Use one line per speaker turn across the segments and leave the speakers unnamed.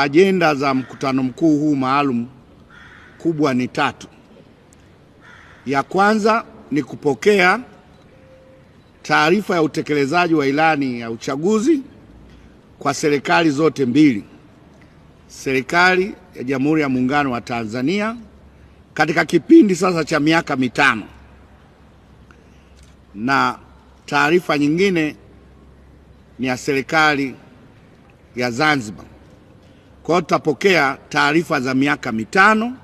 Ajenda za mkutano mkuu huu maalum kubwa ni tatu. Ya kwanza ni kupokea taarifa ya utekelezaji wa ilani ya uchaguzi kwa serikali zote mbili, serikali ya Jamhuri ya Muungano wa Tanzania katika kipindi sasa cha miaka mitano, na taarifa nyingine ni ya serikali ya Zanzibar kwa hiyo tutapokea taarifa za miaka mitano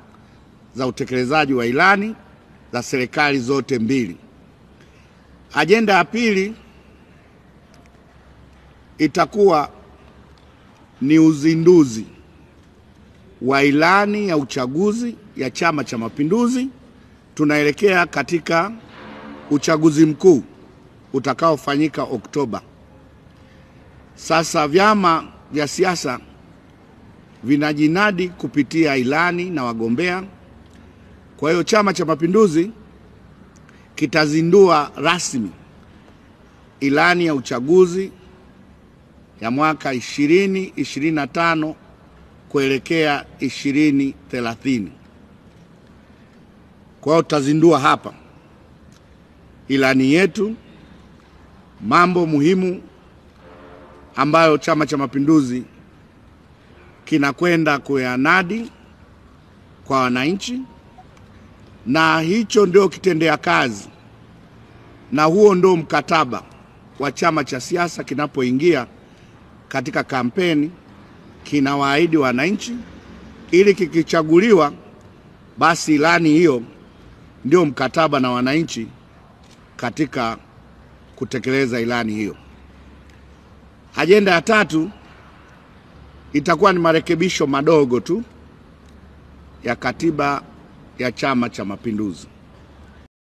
za utekelezaji wa ilani za serikali zote mbili. Ajenda ya pili itakuwa ni uzinduzi wa ilani ya uchaguzi ya Chama cha Mapinduzi. Tunaelekea katika uchaguzi mkuu utakaofanyika Oktoba. Sasa vyama vya siasa vinajinadi kupitia ilani na wagombea. Kwa hiyo Chama cha Mapinduzi kitazindua rasmi ilani ya uchaguzi ya mwaka 2025 kuelekea 2030. Kwa hiyo tutazindua hapa ilani yetu, mambo muhimu ambayo Chama cha Mapinduzi kinakwenda kuyanadi kwa wananchi, na hicho ndio kitendea kazi na huo ndio mkataba wa chama cha siasa kinapoingia katika kampeni, kinawaahidi wananchi ili kikichaguliwa, basi ilani hiyo ndio mkataba na wananchi katika kutekeleza ilani hiyo. Ajenda ya tatu itakuwa ni marekebisho madogo tu ya katiba ya Chama cha Mapinduzi.